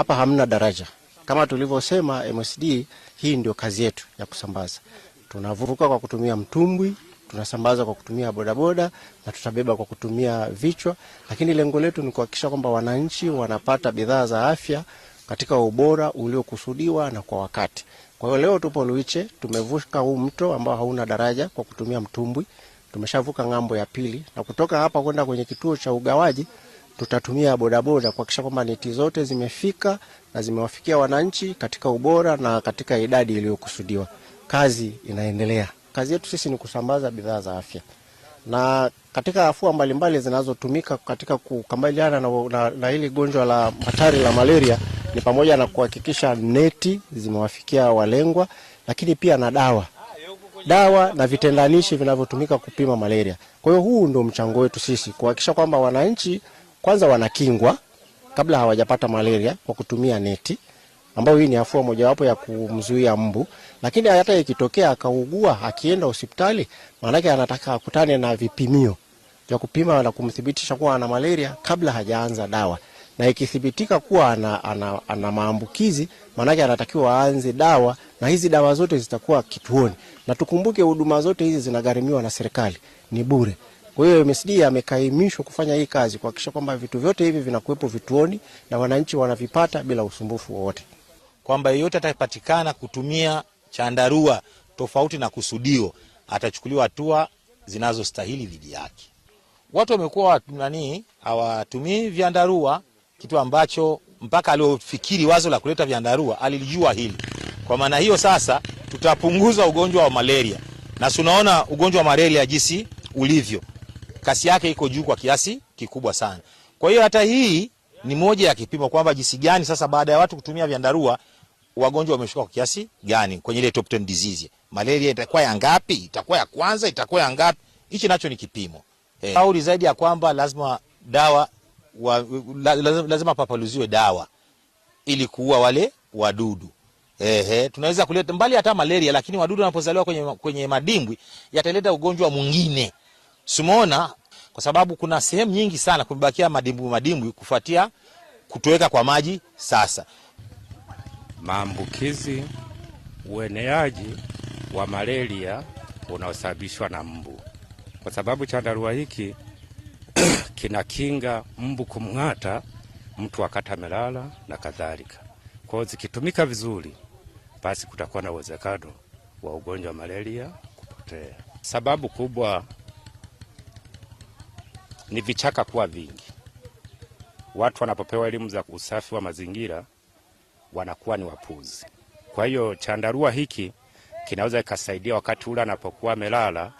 Hapa hamna daraja kama tulivyosema. MSD hii ndio kazi yetu ya kusambaza. Tunavuka kwa kutumia mtumbwi, tunasambaza kwa kutumia bodaboda na tutabeba kwa kutumia vichwa, lakini lengo letu ni kuhakikisha kwamba wananchi wanapata bidhaa za afya katika ubora uliokusudiwa na kwa wakati. Kwa hiyo leo tupo Luiche, tumevuka huu mto ambao hauna daraja kwa kutumia mtumbwi, tumeshavuka ng'ambo ya pili, na kutoka hapa kwenda kwenye kituo cha ugawaji tutatumia bodaboda kuhakikisha kwamba neti zote zimefika na zimewafikia wananchi katika ubora na katika idadi iliyokusudiwa. Kazi inaendelea. Kazi yetu sisi ni kusambaza bidhaa za afya na katika afua mbalimbali zinazotumika katika kukabiliana na, na, na hili gonjwa la hatari la malaria ni pamoja na kuhakikisha neti zimewafikia walengwa, lakini pia na dawa dawa na vitendanishi vinavyotumika kupima malaria. Kwa hiyo huu ndio mchango wetu sisi kuhakikisha kwamba wananchi kwanza wanakingwa kabla hawajapata malaria kwa kutumia neti, ambayo hii ni afua mojawapo ya kumzuia mbu. Lakini hata ikitokea akaugua, akienda hospitali, maanake anataka akutane na vipimio vya kupima na kumthibitisha kuwa ana malaria kabla hajaanza dawa, na ikithibitika kuwa ana, ana, ana maambukizi, maanake anatakiwa aanze dawa, na hizi dawa zote zitakuwa kituoni. Na tukumbuke huduma zote hizi zinagarimiwa na serikali, ni bure. Kwa hiyo MSD amekaimishwa kufanya hii kazi kuhakikisha kwamba vitu vyote hivi vinakuwepo vituoni na wananchi wanavipata bila usumbufu wowote, kwamba yeyote atapatikana kutumia chandarua tofauti na kusudio atachukuliwa hatua zinazostahili dhidi yake. Watu wamekuwa nani, hawatumii vyandarua, kitu ambacho mpaka aliofikiri wazo la kuleta vyandarua alilijua hili. Kwa maana hiyo sasa tutapunguza ugonjwa wa malaria, na tunaona ugonjwa wa malaria jinsi ulivyo kasi yake iko juu kwa kiasi kikubwa sana. Kwa hiyo hata hii ni moja ya kipimo kwamba jinsi gani sasa baada ya watu kutumia vyandarua wagonjwa wameshuka kwa kiasi gani kwenye ile top 10 disease. Malaria itakuwa ya ngapi? Itakuwa ya kwanza, itakuwa ya ngapi? Hichi nacho ni kipimo. Hey. Eh, kauli zaidi ya kwamba lazima dawa wa, lazima, lazima papaluziwe dawa ili kuua wale wadudu. Ehe, tunaweza kuleta mbali hata malaria, lakini wadudu wanapozaliwa kwenye, kwenye madimbwi yataleta ugonjwa mwingine. Simuona kwa sababu kuna sehemu nyingi sana kumebakia madimbu madimbu kufuatia kutoweka kwa maji. Sasa maambukizi, ueneaji wa malaria unaosababishwa na mbu, kwa sababu chandarua hiki kinakinga mbu kumng'ata mtu wakati amelala na kadhalika. Kwa hiyo zikitumika vizuri, basi kutakuwa na uwezekano wa ugonjwa wa malaria kupotea. Sababu kubwa ni vichaka kuwa vingi. Watu wanapopewa elimu za usafi wa mazingira wanakuwa ni wapuzi. Kwa hiyo chandarua hiki kinaweza kikasaidia wakati ule anapokuwa amelala